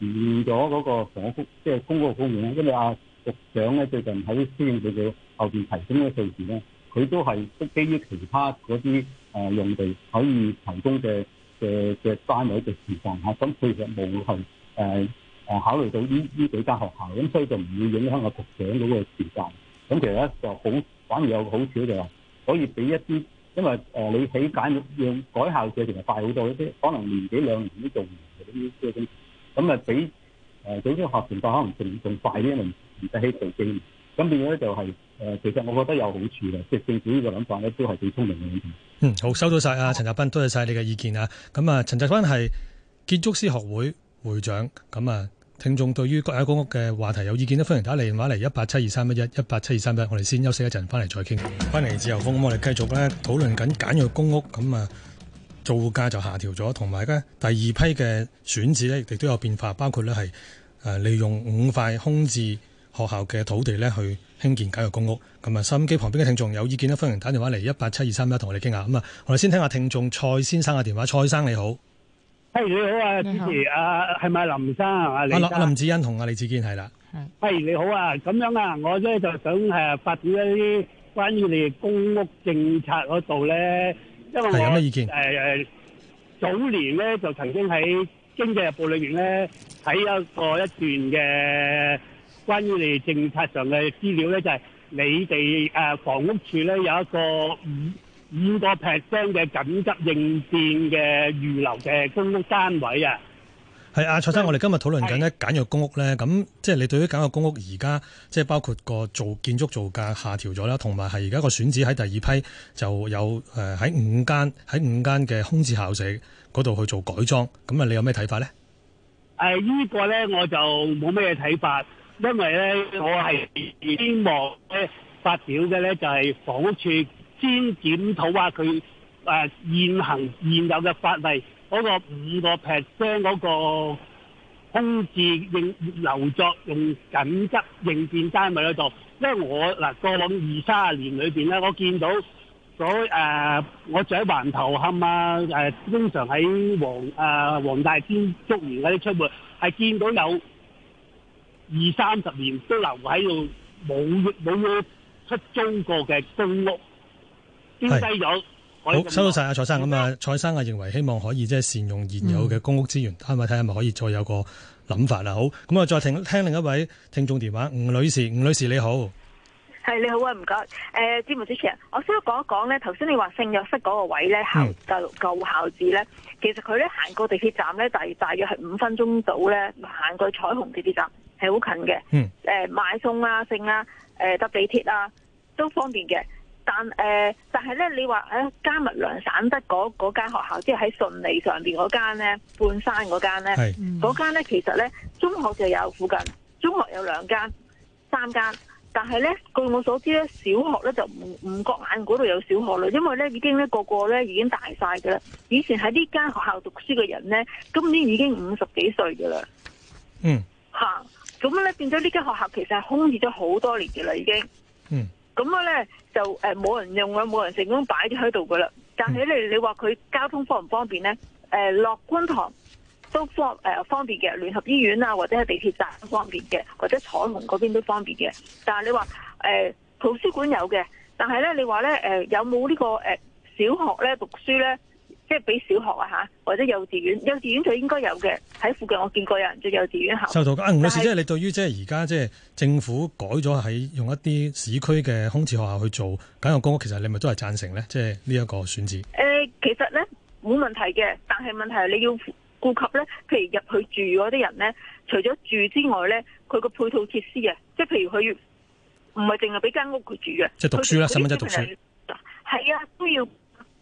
完咗嗰個房屋，即係公共部門咧。因為阿、啊、局長咧，最近喺施政報告後面提供嘅數字咧，佢都係基於其他嗰啲誒用地可以提供嘅嘅嘅單位嘅時間嚇，咁佢其實冇去誒、呃、考慮到呢呢幾間學校，咁、嗯、所以就唔會影響個局長嗰個時間。咁、嗯、其實咧就好，反而有好處就係、可以畀一啲。因為、呃、你起改要改校舍其實快好多啲，可能年幾兩年都做唔完咁，啊比誒早啲學情況可能仲仲快啲，咁變咗咧就係、是呃、其實我覺得有好處嘅，即係政府呢個諗法咧都係幾聰明嘅。嗯，好，收到晒啊，陳澤斌，多謝晒你嘅意見啊。咁啊，陳澤斌係建築師學會會長，咁啊。聽眾對於簡約公屋嘅話題有意見咧，歡迎打嚟電話嚟一八七二三一一一八七二三一，1, 1 1, 我哋先休息一陣，翻嚟再傾。翻嚟自由風，咁我哋繼續咧討論緊簡約公屋，咁、嗯、啊，造價就下調咗，同埋呢第二批嘅選址呢亦都有變化，包括呢係誒利用五塊空置學校嘅土地呢去興建簡約公屋。咁、嗯、啊，收音機旁邊嘅聽眾有意見咧，歡迎打電話嚟一八七二三一同我哋傾下。咁、嗯、啊，我哋先聽下聽，聽眾蔡先生嘅電話。蔡生，你好。嘿，hey, 你好啊，主持好，啊係咪林生啊？阿阿林子欣同阿李志堅係啦。係、啊，嘿，啊啊、你, hey, 你好啊，咁樣啊，我咧就想誒發表一啲關於你哋公屋政策嗰度咧，因為我誒、呃、早年咧就曾經喺《經濟日報》裏面咧睇一個一段嘅關於你哋政策上嘅資料咧，就係、是、你哋誒房屋處咧有一個五。嗯五個平方嘅緊急應變嘅預留嘅公屋單位啊，係啊，蔡生，我哋今日討論緊呢簡約公屋咧，咁是即係你對於簡約公屋而家即係包括個做建築造價下調咗啦，同埋係而家個選址喺第二批就有誒喺五間喺五間嘅空置校舍嗰度去做改裝，咁啊你有咩睇法咧？誒、呃，這個、呢個咧我就冇咩睇法，因為咧我係希望咧發表嘅咧就係房屋處。先檢討下佢誒現行現有嘅法例嗰、那個五個 percent 嗰個空置應留作用緊急應變單位嗰度，因為我嗱、啊、過往二三十年裏邊咧，我見到所誒、呃、我住喺環頭坎啊誒、啊，通常喺黃誒、啊、黃大仙竹園嗰啲出沒，係見到有二三十年都留喺度冇冇出租過嘅公屋。好，收到晒阿蔡生咁啊！蔡生啊，嗯、生認為希望可以即係善用現有嘅公屋資源，睇下睇下咪可以再有個諗法啦。好，咁啊，再聽聽另一位聽眾電話，吳女士，吳女士你好，係你好啊，唔該。誒、呃，節目主持人，我需要講一講咧，頭先你話聖若瑟嗰個位咧，行就夠校址咧，嗯，其實佢咧行過地鐵站咧，大大約係五分鐘到咧，行過彩虹地鐵站係好近嘅。嗯，誒，買餸啊，聖啊，誒，搭地鐵啊，都方便嘅。但誒、呃，但係咧，你話誒加密良省得嗰，嗰間學校，即係喺順利上面嗰間咧，半山嗰間咧，嗰是間咧，其實咧中學就有，附近中學有兩間、三間，但係咧，據我所知咧，小學咧就唔唔覺眼嗰度有小學啦，因為咧已經咧個個咧已經大晒㗎啦。以前喺呢間學校讀書嘅人咧，今年已經五十幾歲㗎啦。嗯，嚇、啊，咁咧變咗呢間學校其實係空置咗好多年嘅啦，已經。嗯，咁啊咧。就誒冇、呃、人用啊，冇人成功擺咗喺度噶啦。但係咧，你話佢交通方唔方便呢？誒、呃、落觀塘都方誒方便嘅，聯合醫院啊，或者係地鐵站都方便嘅，或者彩虹嗰邊都方便嘅。但係你話誒、呃、圖書館有嘅，但係呢，你話呢，誒、呃、有冇呢、呢個誒、呃、小學呢？讀書呢？即係俾小學啊吓，或者幼稚園，幼稚園就應該有嘅。喺附近我見過有人在幼稚園行。收到啊，吳老師，即係你對於即係而家即係政府改咗喺用一啲市區嘅空置學校去做簡約公屋，其實你咪都係贊成咧？即係呢一個選擇。誒、呃，其實咧冇問題嘅，但係問題係你要顧及咧，譬如入去住嗰啲人咧，除咗住之外咧，佢個配套設施啊，即係譬如佢唔係淨係俾間屋佢住嘅，即係讀書啦，使唔使讀書？係啊，都要，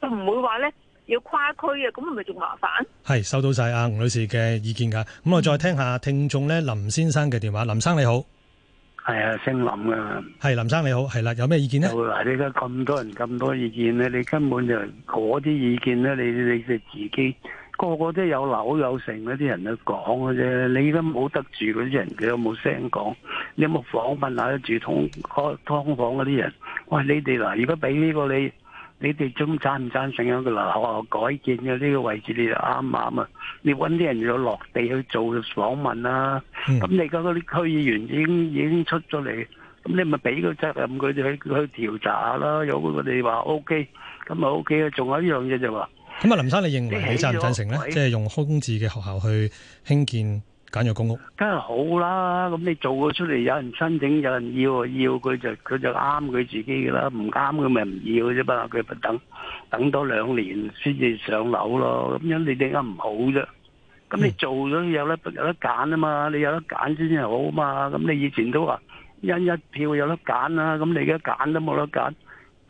就唔會話咧。要跨區啊，咁係咪仲麻煩？係，收到晒阿吳女士嘅意見噶，咁我再聽下聽眾咧林先生嘅電話。林生你好，係啊，姓林噶、啊。係林生你好，係啦、啊，有咩意見咧？嗱、啊，你而家咁多人咁多意見咧，你根本就嗰啲意見咧，你你哋自己個個都有樓有剩嗰啲人去講嘅啫。你而家冇得住嗰啲人，佢有冇聲講？你有冇訪問下住通房嗰啲人？喂、哎，你哋嗱、啊，如果俾呢個你？你哋中贊唔贊成一個學校改建嘅呢個位置合合，你就啱啱啊？你搵啲人要落地去做訪問啦、啊。咁、嗯、你而家啲區議員已經已經出咗嚟，咁你咪俾個責任佢哋去去，去調查啦。有佢哋話 O K，咁咪 O K 啊，仲有呢樣嘢就話。咁啊，林生，你認為你贊唔贊成咧？即係用空置嘅學校去興建。公屋，梗係好啦。咁你做咗出嚟，有人申請，有人要，要，要佢就佢就啱佢自己噶啦。唔啱佢咪唔要啫？不佢不等，等多兩年先至上樓咯。咁樣你點解唔好啫？咁你做咗有得有得揀啊嘛？你有得揀先至好嘛？咁你以前都話，因一,一票有得揀啦、啊。咁你而家揀都冇得揀，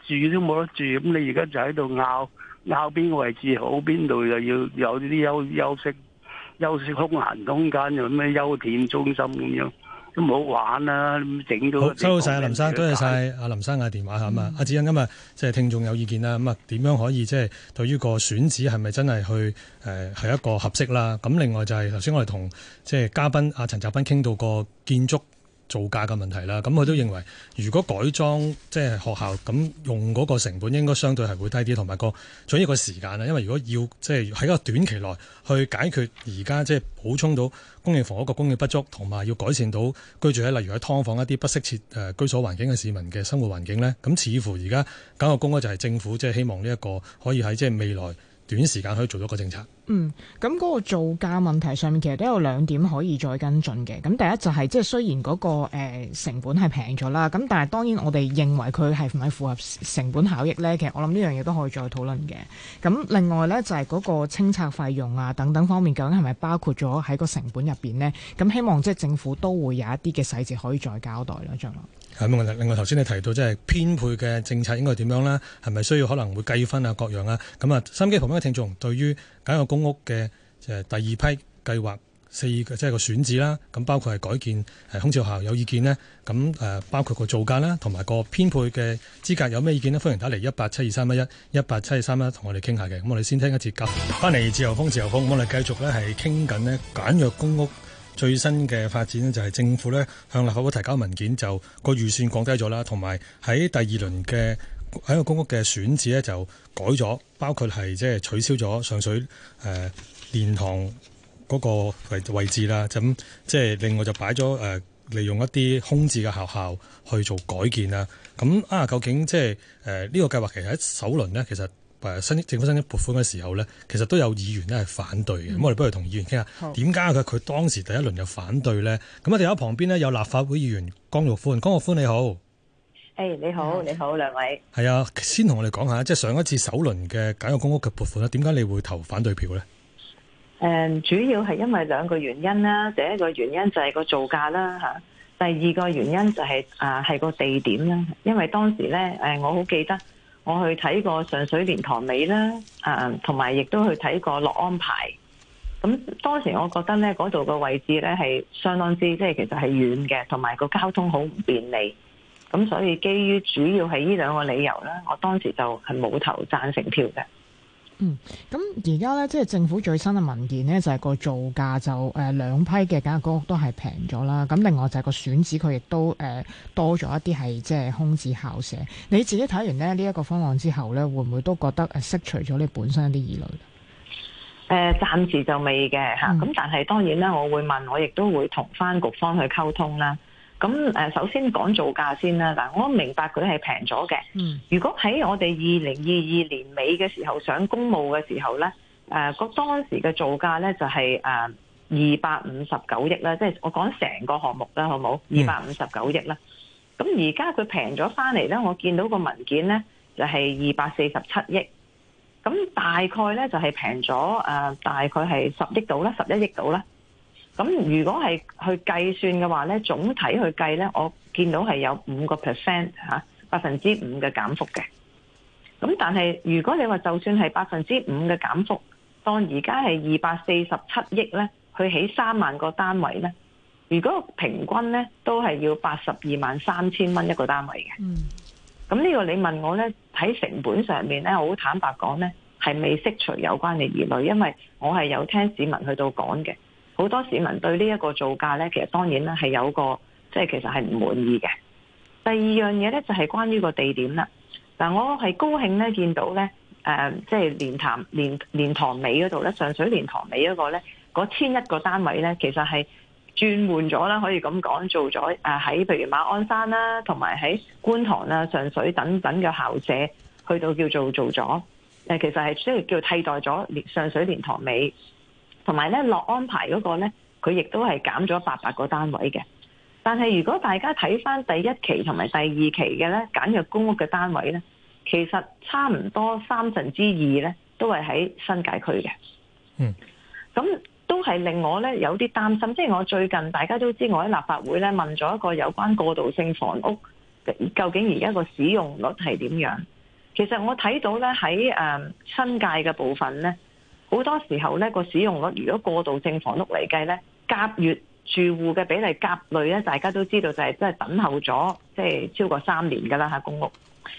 住都冇得住。咁你而家就喺度拗拗邊個位置好，邊度又要有啲休休息。休息空閒空間有咩休憩中心咁樣都唔好玩啦，咁整到收到曬阿林生，多謝晒阿林生嘅電話嚇嘛，阿志恩今日，即係聽眾有意見啦，咁啊點樣可以即係對於個選址係咪真係去誒係、呃、一個合適啦？咁另外就係頭先我哋同即係嘉賓阿陳澤斌傾到個建築。造價嘅問題啦，咁佢都認為，如果改裝即係、就是、學校咁用嗰個成本，應該相對係會低啲，同埋個仲要個時間啦。因為如果要即係喺一個短期內去解決而家即係補充到公營房屋個供應不足，同埋要改善到居住喺例如喺劏房一啲不適切居所環境嘅市民嘅生活環境呢。咁似乎而家搞個公屋就係政府即係希望呢一個可以喺即係未來。短時間去做咗個政策，嗯，咁嗰個造價問題上面其實都有兩點可以再跟進嘅。咁第一就係即係雖然嗰、嗰個、呃、成本係平咗啦，咁但係當然我哋認為佢係唔係符合成本效益呢。其實我諗呢樣嘢都可以再討論嘅。咁另外呢，就係、係、嗰個清拆費用啊等等方面究竟係咪包括咗喺個成本入邊呢？咁希望即係政府都會有一啲嘅細節可以再交代啦，係，另外頭先你提到即係編配嘅政策應該點樣咧？係咪需要可能會計分啊、各樣啊？咁啊，收音機旁邊嘅聽眾對於簡約公屋嘅即係第二批計劃四即係、就是、個選址啦，咁包括係改建係空置學校有意見呢？咁誒、呃、包括個造價啦，同埋個編配嘅資格有咩意見呢？歡迎打嚟一八七二三一一一八七二三一同我哋傾下嘅。咁我哋先聽一節急翻嚟自由風，自由風，我哋繼續咧係傾緊咧簡約公屋。最新嘅發展咧，就係政府咧向立法會提交文件，就個預算降低咗啦，同埋喺第二輪嘅喺個公屋嘅選址呢，就改咗，包括係即係取消咗上水誒蓮塘嗰個位位置啦，咁即係另外就擺咗誒利用一啲空置嘅學校校去做改建啦。咁啊，究竟即係誒呢個計劃其實喺首輪呢，其實？誒，新政府新一撥款嘅時候咧，其實都有議員咧係反對嘅。咁、嗯、我哋不如同議員傾下，點解佢佢當時第一輪就反對咧？咁我哋喺旁邊咧有立法會議員江玉歡，江玉歡你好。誒，hey, 你好，你好，兩位。係啊，先同我哋講下，即、就、係、是、上一次首輪嘅簡約公屋嘅撥款咧，點解你會投反對票咧？誒、嗯，主要係因為兩個原因啦。第一個原因就係個造價啦嚇，第二個原因就係、是、啊係個地點啦。因為當時咧，誒、呃、我好記得。我去睇過上水蓮塘尾啦，啊，同埋亦都去睇過樂安排。咁當時我覺得咧，嗰度個位置咧係相當之，即係其實係遠嘅，同埋個交通好唔便利。咁所以基於主要係呢兩個理由啦，我當時就係冇投贊成票嘅。嗯，咁而家咧，即係政府最新嘅文件咧，就係、是、個造價就誒兩、呃、批嘅，簡約公屋都係平咗啦。咁另外就係個選址，佢亦都誒多咗一啲係即係空置校舍。你自己睇完咧呢一、這個方案之後咧，會唔會都覺得誒、啊、釋除咗你本身一啲疑慮？誒、呃，暫時就未嘅吓，咁、嗯、但係當然咧，我會問，我亦都會同翻局方去溝通啦。咁誒，首先講造價先啦。嗱，我明白佢係平咗嘅。如果喺我哋二零二二年尾嘅時候上公務嘅時候咧，誒個當時嘅造價咧就係誒二百五十九億啦，即係我講成個項目啦，好冇？二百五十九億啦。咁而家佢平咗翻嚟咧，我見到個文件咧就係二百四十七億。咁大概咧就係平咗誒，大概係十億到啦，十一億到啦。咁如果係去計算嘅話咧，總體去計咧，我見到係有五個 percent 嚇，百分之五嘅減幅嘅。咁但係如果你話就算係百分之五嘅減幅，當而家係二百四十七億咧，去起三萬個單位咧，如果平均咧都係要八十二萬三千蚊一個單位嘅。嗯。咁呢個你問我咧，喺成本上面咧，我好坦白講咧，係未釋除有關嘅疑慮，因為我係有聽市民去到講嘅。好多市民對呢一個造價呢，其實當然咧係有個即係其實係唔滿意嘅。第二樣嘢呢，就係關於個地點啦。但我係高興呢見到呢，誒、呃，即係蓮潭蓮蓮塘尾嗰度咧，上水蓮塘尾嗰個咧，嗰千一個單位呢，其實係轉換咗啦，可以咁講，做咗誒喺譬如馬鞍山啦，同埋喺觀塘啦、上水等等嘅校舍，去到叫做做咗誒，其實係即係叫替代咗上水蓮塘尾。同埋咧落安排嗰個咧，佢亦都係減咗八百個單位嘅。但係如果大家睇翻第一期同埋第二期嘅咧，簡約公屋嘅單位咧，其實差唔多三分之二咧，都係喺新界區嘅。嗯，咁都係令我咧有啲擔心。即係我最近大家都知，我喺立法會咧問咗一個有關過渡性房屋，究竟而家個使用率係點樣？其實我睇到咧喺誒新界嘅部分咧。好多時候咧，個使用率如果過渡性房屋嚟計咧，甲乙住戶嘅比例甲類咧，大家都知道就係即係等候咗即係超過三年㗎啦。喺公屋，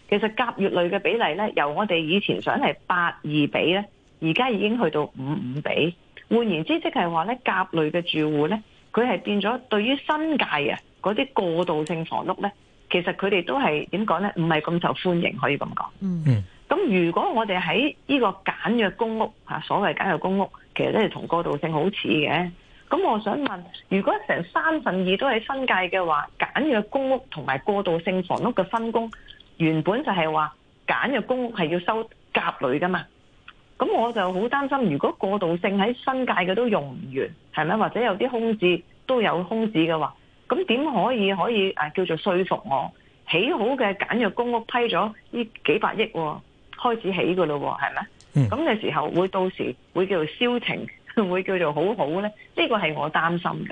其實甲乙類嘅比例咧，由我哋以前想係八二比咧，而家已經去到五五比。換言之，即係話咧，甲類嘅住戶咧，佢係變咗對於新界啊嗰啲過渡性房屋咧，其實佢哋都係點講咧？唔係咁受歡迎，可以咁講。嗯。如果我哋喺呢個簡約公屋吓，所謂簡約公屋，其實都係同過渡性好似嘅。咁我想問，如果成三分二都喺新界嘅話，簡約公屋同埋過渡性房屋嘅分工，原本就係話簡約公屋係要收甲類噶嘛？咁我就好擔心，如果過渡性喺新界嘅都用唔完，係咪？或者有啲空置都有空置嘅話，咁點可以可以叫做說服我起好嘅簡約公屋批咗呢幾百億，啊？開始起嘅咯喎，係咪？嗯，咁嘅時候會到時會叫做銷情，會唔會叫做好好咧。呢個係我擔心嘅。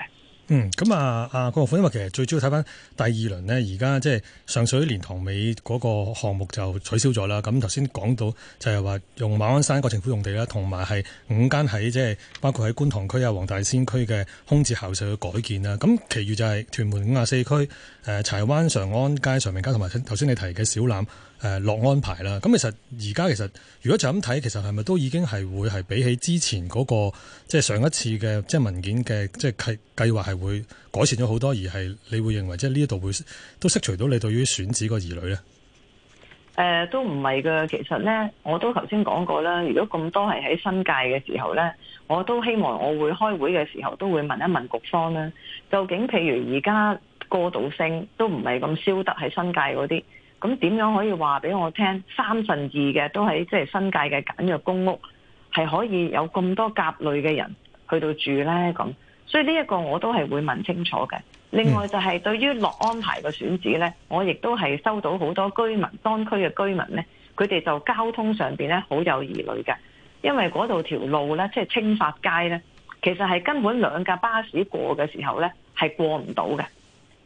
嗯，咁啊，阿郭富，因為其實最主要睇翻第二輪呢，而家即係上水蓮塘尾嗰個項目就取消咗啦。咁頭先講到就係話用馬鞍山個政府用地啦，同埋係五間喺即係包括喺觀塘區啊、黃大仙區嘅空置校舍去改建啦。咁其餘就係屯門五亞四區、誒、呃、柴灣常安街、常明街同埋頭先你提嘅小欖。誒落安排啦，咁其實而家其實如果就咁睇，其實係咪都已經係會係比起之前嗰那個即係上一次嘅即係文件嘅即係計計劃係會改善咗好多，而係你會認為即係呢一度會都釋除到你對於選址個疑慮咧？誒、呃，都唔係噶，其實咧，我都頭先講過啦。如果咁多係喺新界嘅時候咧，我都希望我會開會嘅時候都會問一問局方啦。究竟譬如而家過渡性都唔係咁消得喺新界嗰啲。咁點樣可以話俾我聽？三分二嘅都喺即係新界嘅簡約公屋，係可以有咁多甲類嘅人去到住呢？咁。所以呢一個我都係會問清楚嘅。另外就係對於樂安排嘅選址呢，我亦都係收到好多居民，當區嘅居民呢，佢哋就交通上面呢好有疑慮嘅，因為嗰度條路呢，即係清發街呢，其實係根本兩架巴士過嘅時候呢，係過唔到嘅。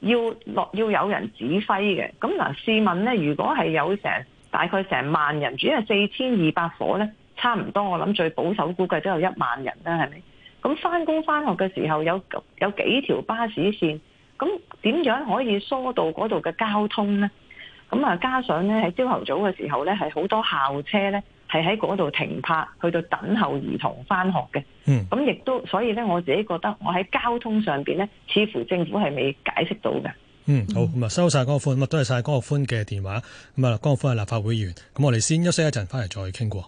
要落要有人指揮嘅，咁嗱，試問咧，如果係有成大概成萬人，主要係四千二百伙咧，差唔多我諗最保守估計都有一萬人啦，係咪？咁翻工翻學嘅時候，有有幾條巴士線，咁點樣可以疏導嗰度嘅交通咧？咁啊，加上咧喺朝頭早嘅時候咧，係好多校車咧，係喺嗰度停泊，去到等候兒童翻學嘅。嗯，咁亦都，所以咧，我自己覺得，我喺交通上邊咧，似乎政府係未解釋到嘅。嗯，好，咁啊，收晒江玉歡，咁啊，多謝晒江玉歡嘅電話。咁啊，江玉歡係立法會議員。咁我哋先休息一陣，翻嚟再傾過。